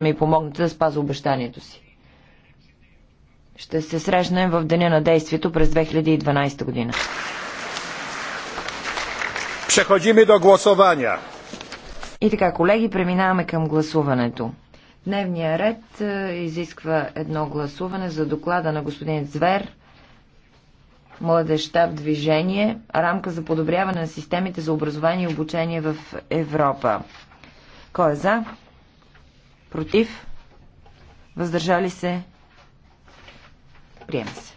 ми помогнете да спаза обещанието си. Ще се срещнем в деня на действието през 2012 година. Преходиме до гласования. И така, колеги, преминаваме към гласуването. Дневния ред е, изисква едно гласуване за доклада на господин Звер, Младеща в движение, рамка за подобряване на системите за образование и обучение в Европа. Кой е за? против, въздържали се, приема се.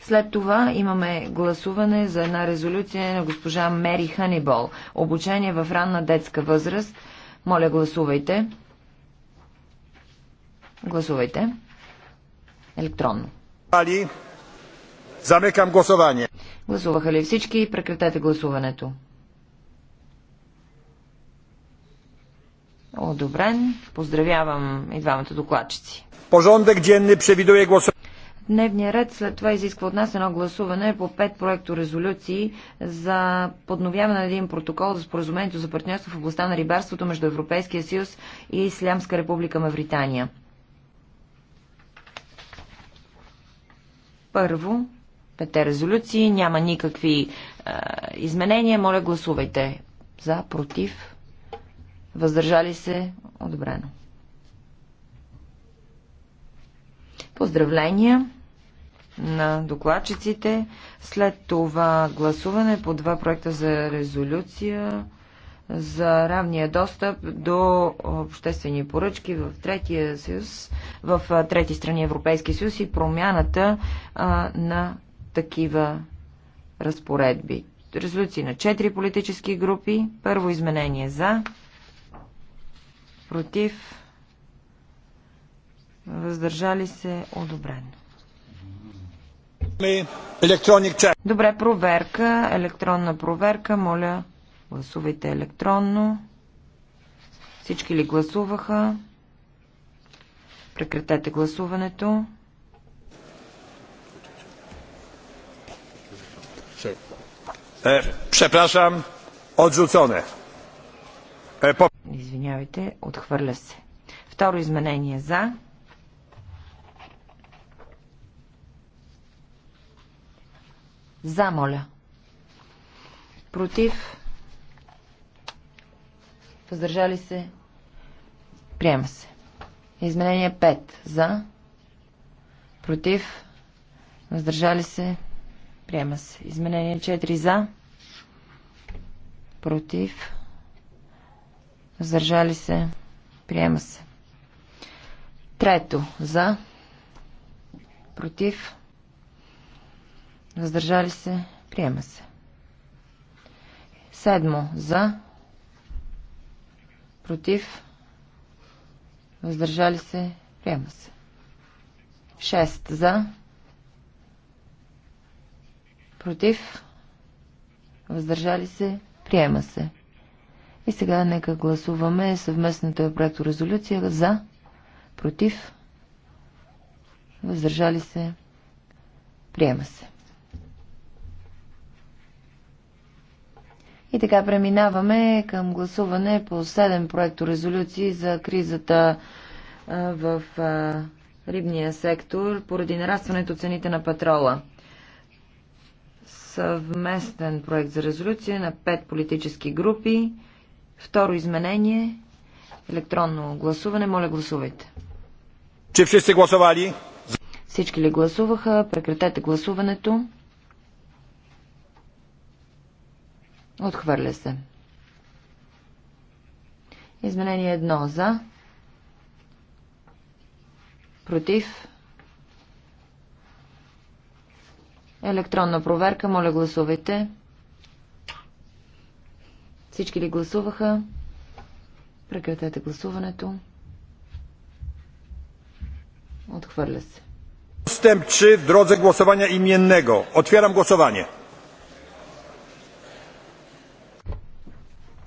След това имаме гласуване за една резолюция на госпожа Мери Ханибол. Обучение в ранна детска възраст. Моля, гласувайте. Гласувайте. Електронно. Замекам гласуване. Гласуваха ли всички? Прекратете гласуването. одобрен. Поздравявам и двамата докладчици. ден не превидуе гласа. Дневният ред след това изисква от нас едно гласуване по пет проекто резолюции за подновяване на един протокол за споразумението за партньорство в областта на рибарството между Европейския съюз и Ислямска република Мавритания. Първо, пете резолюции, няма никакви е, изменения. Моля, гласувайте за, против, Въздържали се? Одобрено. Поздравления на докладчиците. След това гласуване по два проекта за резолюция за равния достъп до обществени поръчки в третия съюз, в трети страни Европейски съюз и промяната а, на такива разпоредби. Резолюции на четири политически групи. Първо изменение за против, въздържали се, одобрено. Добре, проверка, електронна проверка, моля, гласувайте електронно. Всички ли гласуваха? Прекратете гласуването. Przepraszam, е, odrzucone. Извинявайте, отхвърля се. Второ изменение за. За, моля. Против. Въздържали се. Приема се. Изменение 5. За. Против. Въздържали се. Приема се. Изменение 4. За. Против. Въздържали се. Приема се. Трето. За. Против. Въздържали се. Приема се. Седмо. За. Против. Въздържали се. Приема се. Шест. За. Против. Въздържали се. Приема се. И сега нека гласуваме съвместната резолюция за, против, въздържали се, приема се. И така преминаваме към гласуване по 7 резолюции за кризата в рибния сектор поради нарастването цените на петрола. Съвместен проект за резолюция на 5 политически групи. Второ изменение. Електронно гласуване. Моля, гласувайте. Че всички гласували? Всички ли гласуваха? Прекратете гласуването. Отхвърля се. Изменение едно за. Против. Електронна проверка. Моля, гласувайте. Всички ли гласуваха? Прекратете гласуването. Отхвърля се. Wstęp 3 w drodze głosowania imiennego. Otwieram głosowanie.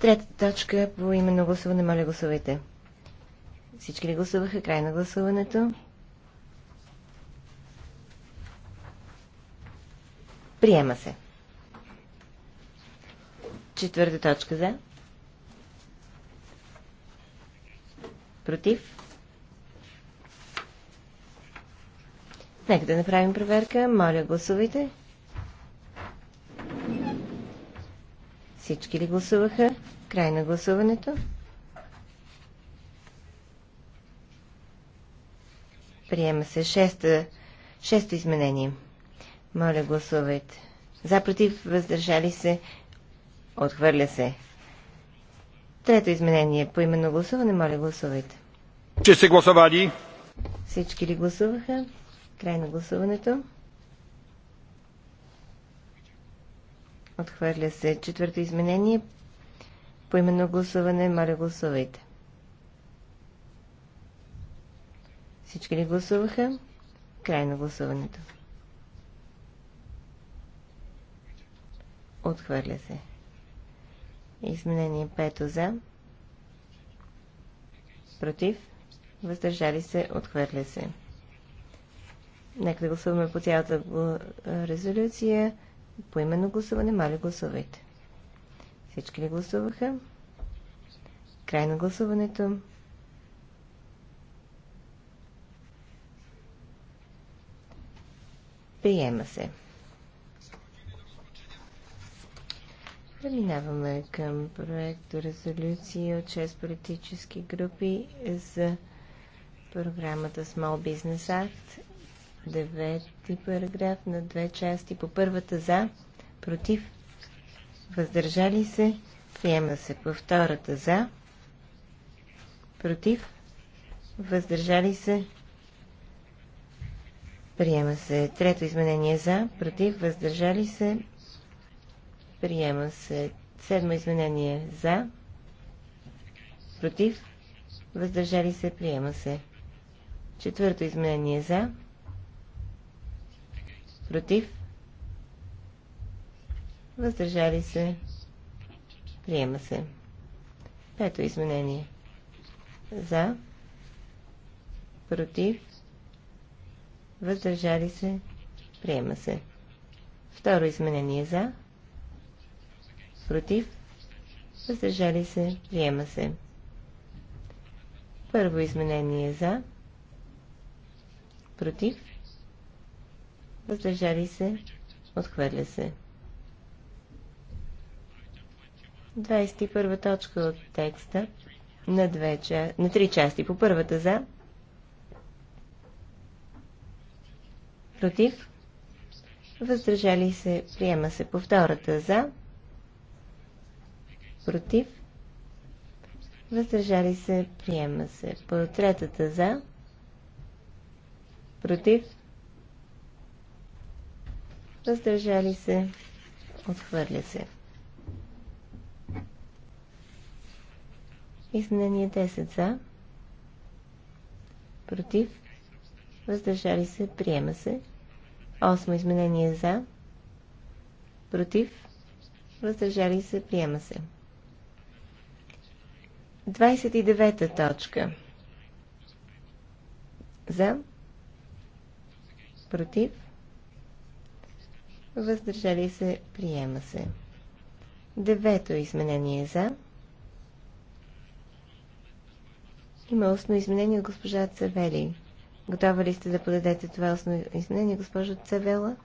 Трета точка по именно гласуване. Моля, гласувайте. Всички ли гласуваха? Край на гласуването. Приема се. Четвърта точка за. Против. Нека да направим проверка. Моля, гласувайте. Всички ли гласуваха? Край на гласуването. Приема се шеста, шесто изменение. Моля, гласувайте. За против, въздържали се, Отхвърля се. Трето изменение. По именно гласуване, моля гласувайте. Че се гласували? Всички ли гласуваха? Край на гласуването. Отхвърля се. Четвърто изменение. По именно гласуване, моля гласувайте. Всички ли гласуваха? Край на гласуването. Отхвърля се. Изменение 5 за. Против. Въздържали се. Отхвърля се. Нека да гласуваме по цялата резолюция. По именно гласуване, мали, гласувайте. Всички ли гласуваха? Край на гласуването. Приема се. Преминаваме към проект резолюции от 6 политически групи за програмата Small Business Act. Девети параграф на две части. По първата за, против, въздържали се, приема се. По втората за, против, въздържали се, приема се. Трето изменение за, против, въздържали се, Приема се. Седмо изменение за. Против. Въздържали се. Приема се. Четвърто изменение за. Против. Въздържали се. Приема се. Пето изменение. За. Против. Въздържали се. Приема се. Второ изменение за против, въздържали се, приема се. Първо изменение за, против, въздържали се, отхвърля се. 21 точка от текста на, две, на три части. По първата за, против, въздържали се, приема се. По втората за, против, въздържали се, приема се. По третата за, против, въздържали се, отхвърля се. Изменение 10 за, против, въздържали се, приема се. Осмо изменение за, против, въздържали се, приема се. 29-та точка. За. Против. Въздържали се. Приема се. Девето изменение за. Има устно изменение от госпожа Цавели. Готова ли сте да подадете това устно изменение, госпожо Цавела?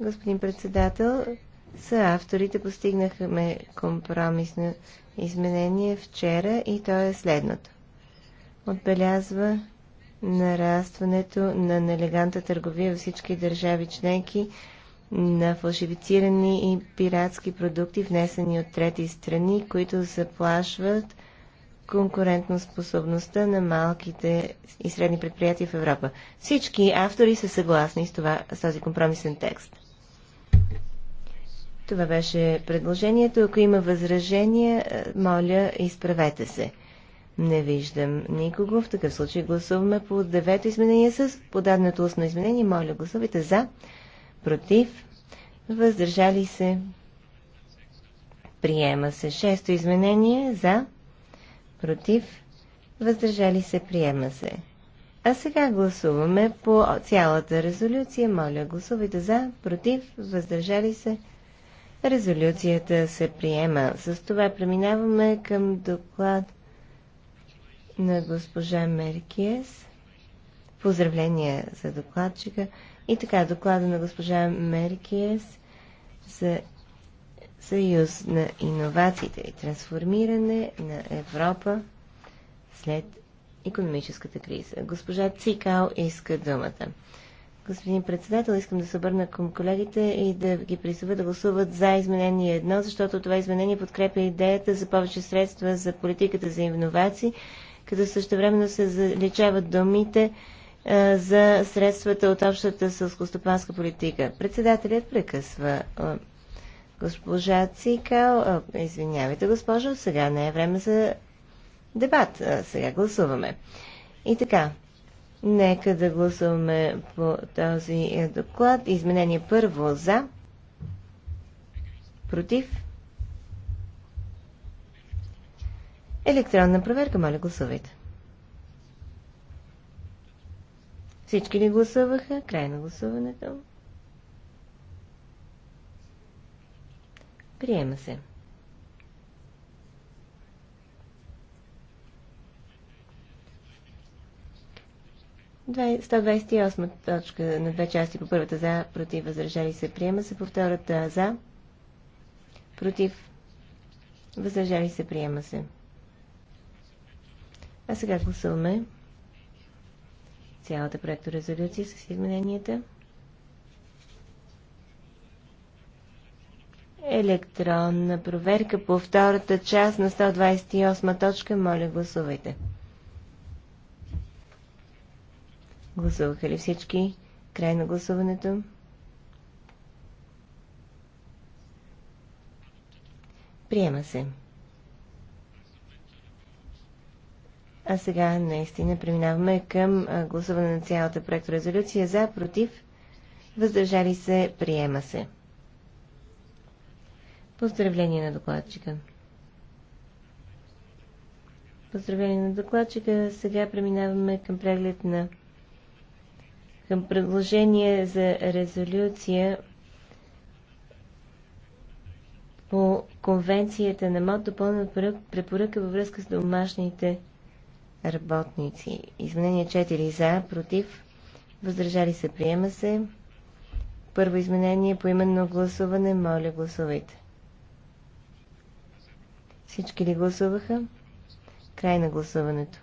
Господин председател, са авторите постигнахме компромисно изменение вчера и то е следното. Отбелязва нарастването на нелеганта търговия във всички държави членки на фалшифицирани и пиратски продукти, внесени от трети страни, които заплашват конкурентноспособността на малките и средни предприятия в Европа. Всички автори са съгласни с, това, с този компромисен текст. Това беше предложението. Ако има възражения, е, моля, изправете се. Не виждам никого. В такъв случай гласуваме по девето изменение с подаденото устно изменение. Моля, гласувайте за, против, въздържали се. Приема се шесто изменение за, против, въздържали се, приема се. А сега гласуваме по цялата резолюция. Моля, гласувайте за, против, въздържали се. Резолюцията се приема. С това преминаваме към доклад на госпожа Меркиес. Поздравления за докладчика. И така, доклада на госпожа Меркиес за Съюз на иновациите и трансформиране на Европа след економическата криза. Госпожа Цикал иска думата. Господин председател, искам да се обърна към колегите и да ги призова да гласуват за изменение едно, защото това изменение подкрепя идеята за повече средства за политиката за иновации, като времено се заличават думите а, за средствата от общата сълскостопанска политика. Председателят прекъсва госпожа Цикал. А, извинявайте, госпожо, сега не е време за дебат. Сега гласуваме. И така, Нека да гласуваме по този е, доклад. Изменение първо за. Против. Електронна проверка. Моля, гласувайте. Всички ли гласуваха? Край на гласуването. Приема се. 128 точка на две части по първата за, против, възражали се, приема се по втората за, против, Възражали се, приема се. А сега гласуваме цялата резолюция с измененията. Електронна проверка по втората част на 128 точка. Моля, гласувайте. Гласуваха ли всички? Край на гласуването. Приема се. А сега наистина преминаваме към гласуване на цялата проекторезолюция за, против, въздържали се, приема се. Поздравление на докладчика. Поздравление на докладчика. Сега преминаваме към преглед на към предложение за резолюция по конвенцията на МОД, допълнена препоръка във връзка с домашните работници. Изменение 4 за, против, въздържали се, приема се. Първо изменение по именно гласуване. Моля, гласувайте. Всички ли гласуваха? Край на гласуването.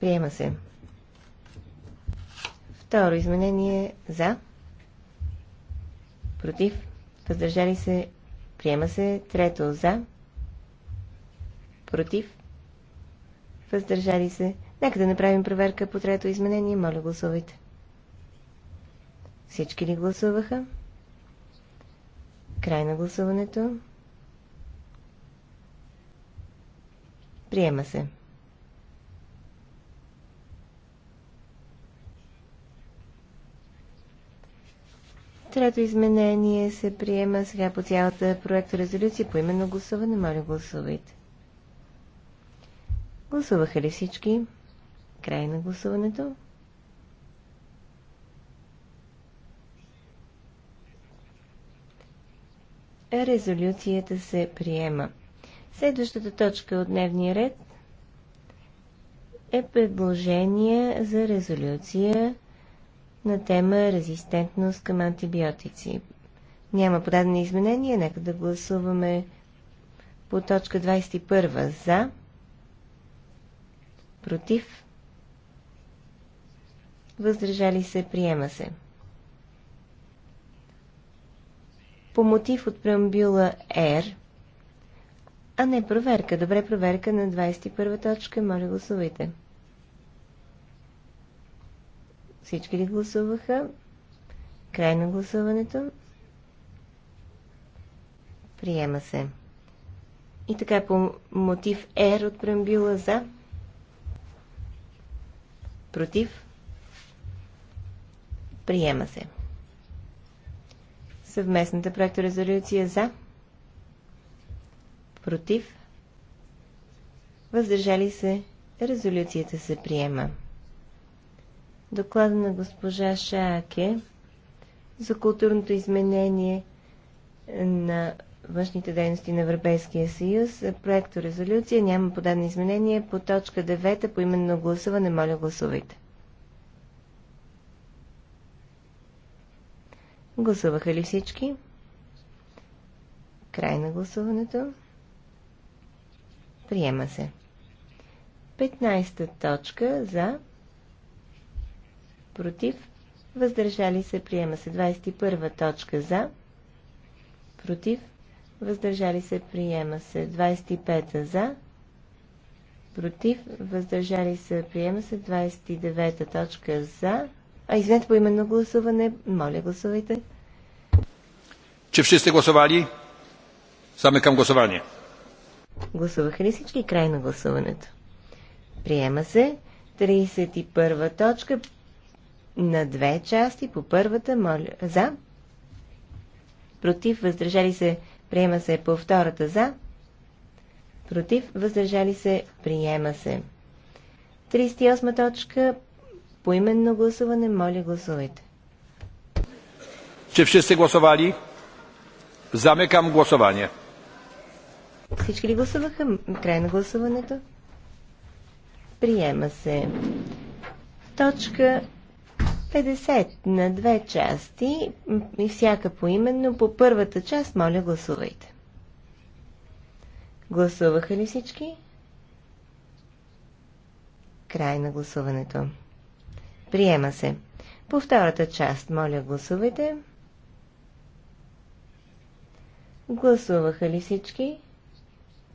Приема се. Второ изменение за. Против. Въздържали се. Приема се. Трето за. Против. Въздържали се. Нека да направим проверка по трето изменение. Моля, гласувайте. Всички ли гласуваха? Край на гласуването. Приема се. Трето изменение се приема сега по цялата проекта резолюция по именно гласуване. Моля, гласувайте. Гласуваха ли всички? Край на гласуването. Резолюцията се приема. Следващата точка от дневния ред е предложение за резолюция на тема резистентност към антибиотици. Няма подадени изменения, нека да гласуваме по точка 21 за, против, въздържали се, приема се. По мотив от преамбюла R, а не проверка, добре проверка на 21 точка, моля гласувайте. Да всички ли гласуваха? Край на гласуването. Приема се. И така по мотив R от прембила за. Против. Приема се. Съвместната проекторезолюция за. Против. Въздържали се. Резолюцията се приема доклада на госпожа Шааке за културното изменение на външните дейности на Европейския съюз. Проекто резолюция няма подадени изменения по точка 9 по именно гласуване. Моля гласувайте. Гласуваха ли всички? Край на гласуването. Приема се. 15 точка за против, въздържали се, приема се. 21 точка за, против, въздържали се, приема се. 25 за, против, въздържали се, приема се. 29 точка за, а извинете по именно гласуване, моля гласувайте. Че всички гласували? Саме към гласуване. Гласуваха ли всички край на гласуването? Приема се. 31 точка на две части. По първата, моля, за. Против, въздържали се, приема се. По втората, за. Против, въздържали се, приема се. 38 точка. Поименно гласуване, моля, гласувайте. Czy wszyscy гласували? Замекам głosowanie. Всички ли гласуваха? Край на гласуването. Приема се. Точка 50 на две части и всяка поименно. По първата част, моля, гласувайте. Гласуваха ли всички? Край на гласуването. Приема се. По втората част, моля, гласувайте. Гласуваха ли всички?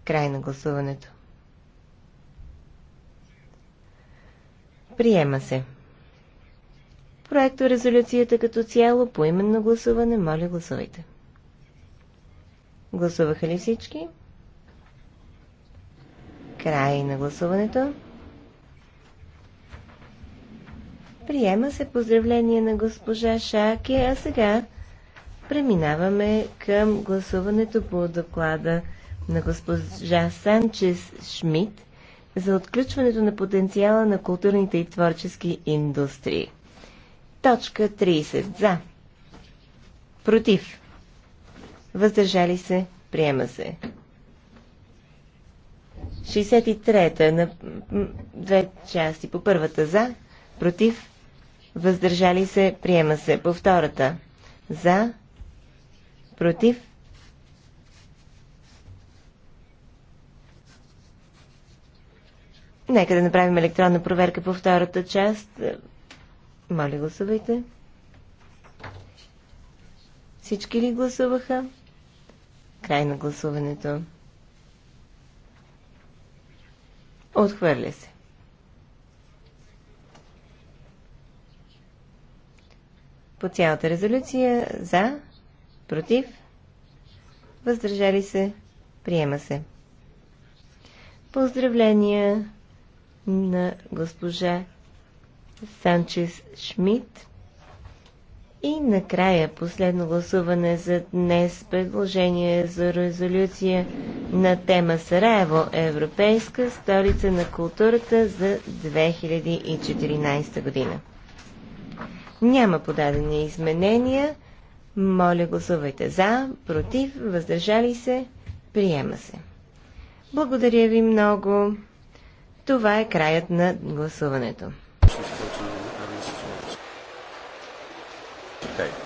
Край на гласуването. Приема се проекто резолюцията като цяло, по именно гласуване, моля гласувайте. Гласуваха ли всички? Край на гласуването. Приема се поздравление на госпожа Шаке, а сега преминаваме към гласуването по доклада на госпожа Санчес Шмидт за отключването на потенциала на културните и творчески индустрии. Точка 30. За. Против. Въздържали се. Приема се. 63-та на две части. По първата за, против, въздържали се, приема се. По втората за, против, Нека да направим електронна проверка по втората част. Моля, гласувайте. Всички ли гласуваха? Край на гласуването. Отхвърля се. По цялата резолюция за, против, въздържали се, приема се. Поздравления на госпожа Санчес Шмидт. И накрая последно гласуване за днес предложение за резолюция на тема Сараево Европейска столица на културата за 2014 година. Няма подадени изменения. Моля гласувайте за, против, въздържали се, приема се. Благодаря ви много. Това е краят на гласуването. Okay